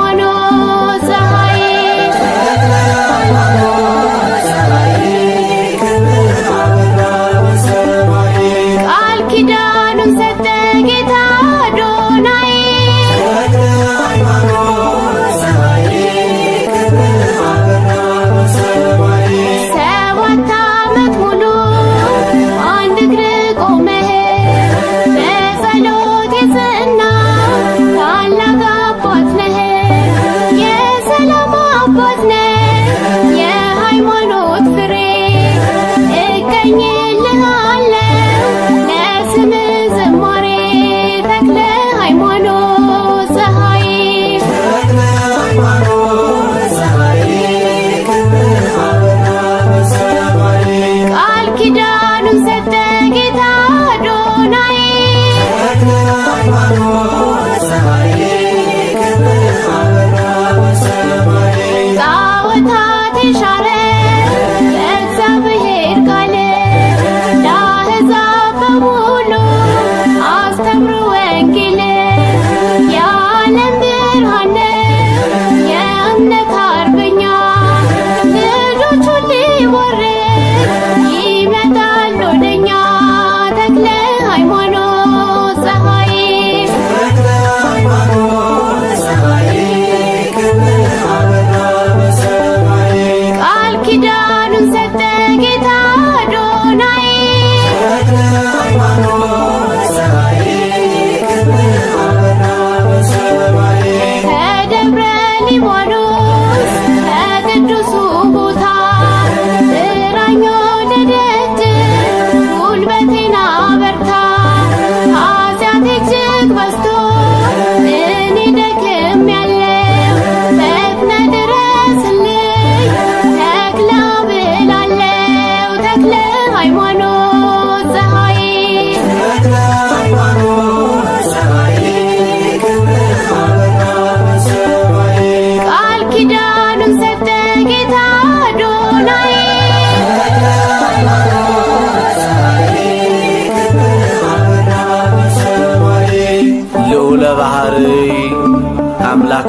one.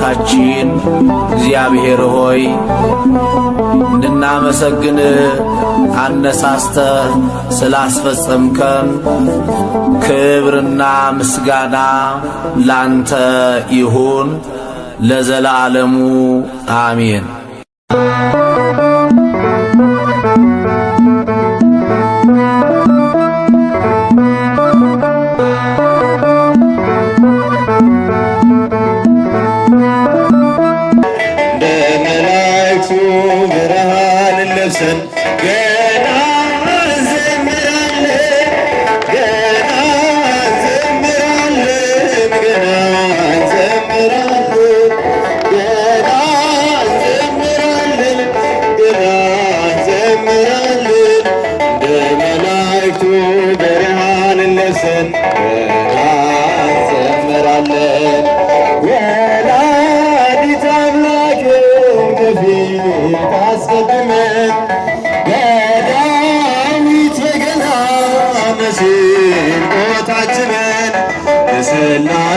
አምላካችን እግዚአብሔር ሆይ እንድናመሰግን አነሳስተ ስላስፈጸምከን ክብርና ምስጋና ላንተ ይሁን ለዘላለሙ አሜን።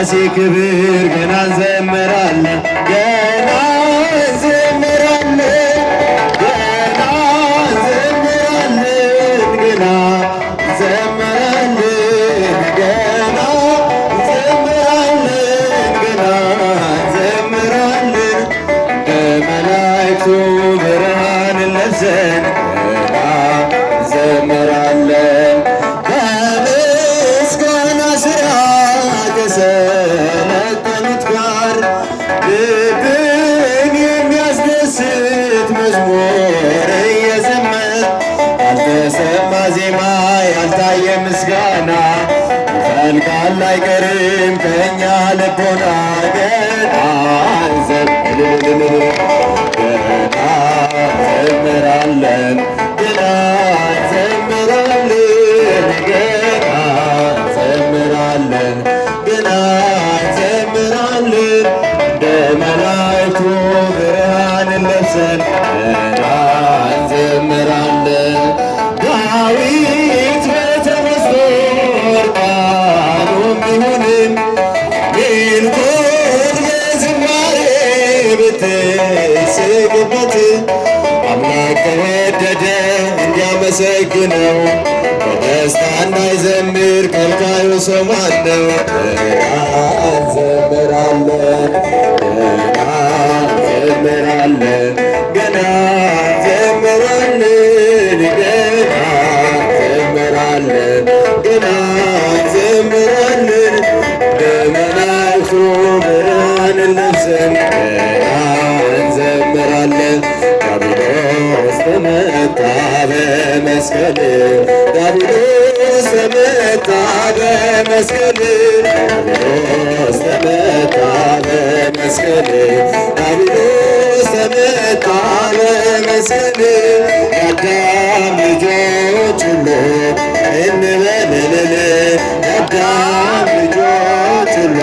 ሥላሴ ክብር ገና እንዘምራለን ገና ገና እንዘምራለን ገና እንዘምራለን ብርሃን ለብሰን ገና የሚያመሰግነው በደስታ እንዳይዘምር ከልካዩ ሰው ማነው? እንዘምራለን ገና እንዘምራለን ገና በመስቀል ዳዊት ተመታ መስቀል ተመታ መስቀል ዳዊት ተመታ በመስቀል የአዳም ልጆች ሁሉ እንበልልል የአዳም ልጆች ሁሉ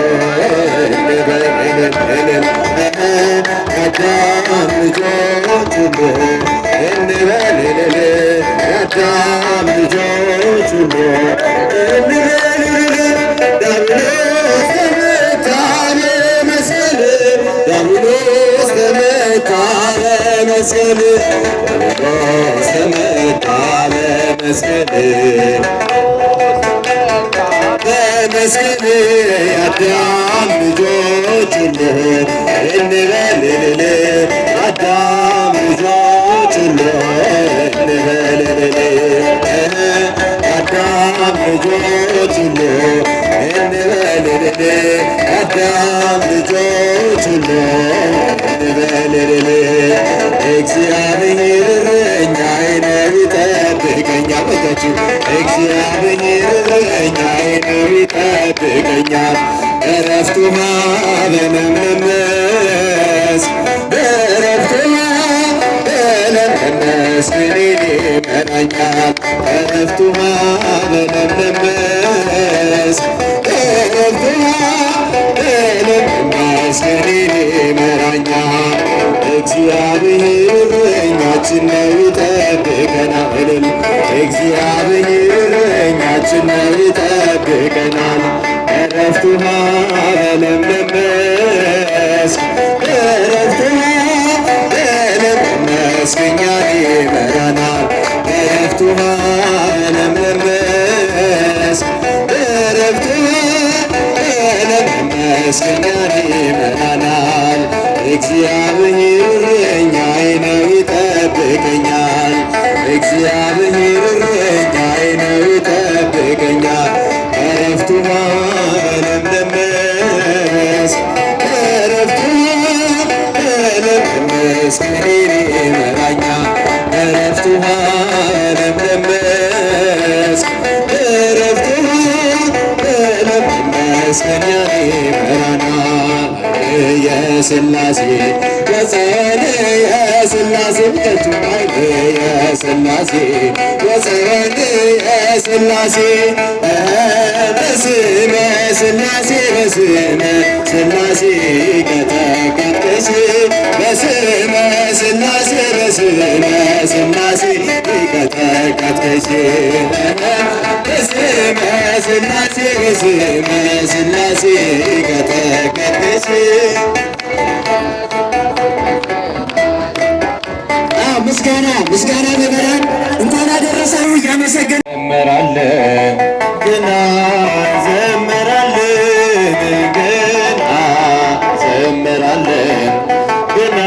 እንበልልል የአዳም ልጆች ሁሉ በመስቀል አዳም ልጆች እንበል አዳም ልጆች እንበል ልጆች እንበልል አዳም ልጆች እንበልል እግዚአብሔር እረኛዬ ነው ይጠብቀኛል። እግዚአብሔር እረኛዬ ነው ይጠብቀኛል። እረፍቱ በመመለስ በእረፍቱ በመመለስ እኔን ይመራኛል ከነፍቱ በለመስ ከነፍቱ በለመስ ከኔ መራኛ እግዚአብሔር እረኛችን ነው ይመራናል። ውሃ ለመመስ በረፍት ለመመስ ከዳኔ መናናል እግዚአብሔር እረኛዬ ነው ይጠብቀኛል። እግዚአብሔር እረኛዬ ነው ይጠብቀኛል። ውሃ መስቀኛዬ መራና የስላሴ ወፀን የስላሴ የቱማይ የስላሴ ወፀን የስላሴ በስመ ስላሴ በስመ ስላሴ ከተቀደስ በስመ ስላሴ በስመ ስላሴ ከተቀደስ ስላሴ ስመ ስላሴ ከተቀደሰ ምስጋና ምስጋና በመላክ እንኳን አደረሰው እያመሰገን ዘመራለን ገና ዘመራለን ገና ዘመራለን ገና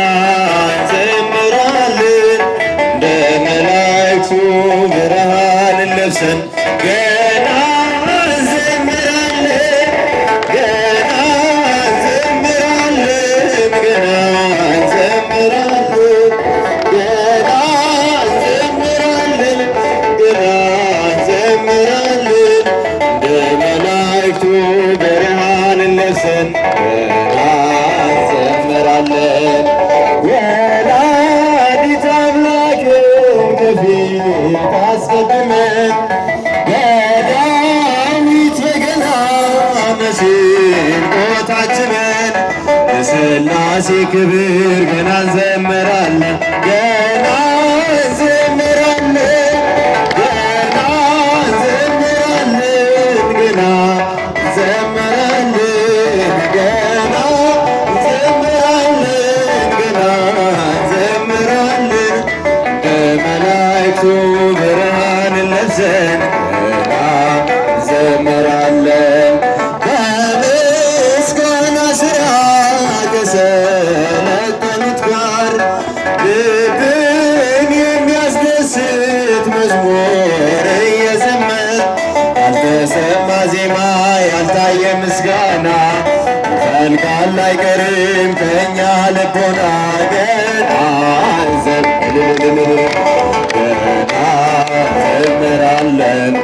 ዘመራለን እንደ መላእክቱ ብርሃን ለብሰን ወላዲተ አምላክ ከፊት ታስቀድመን በዳዊት ገና መሰንቆ ታጅበን ለሥላሴ ክብር ገና እንዘምራለን። ይመጣል አይቀርም ከእኛ ልቦና ገጣዘብ ገጣ ዘምራለን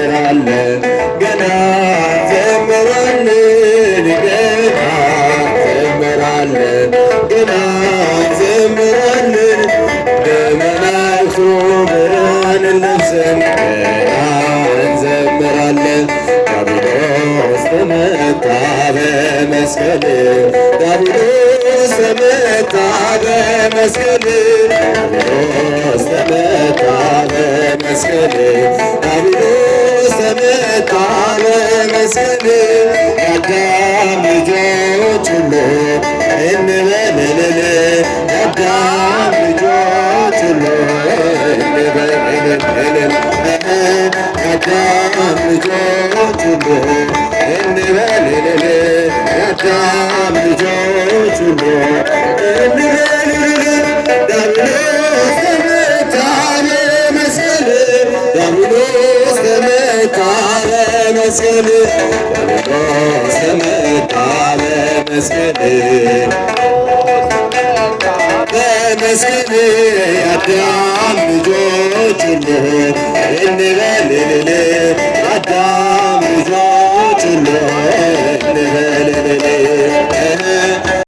እንዘምራለን ገና እንዘምራለን ገና እንዘምራለን ገና እንዘምራለን በመላእክቱ ብርሃን ለብሰን ገና እንዘምራለን ዳቢሎስ ተመታ በመስቀል ዳቢሎስ ተመታ በመስቀል ዳቢሎስ ተመታ በመስቀል seni Yakam vücutunu Emmime melele Yakam vücutunu Emmime melele Yakam vücutunu Emmime melele Yakam vücutunu Emmime melele Damlo seme tane mesele Damlo seme tane mesele مسكني مسكني يا دام جوتني إني ليلي عدام جوتني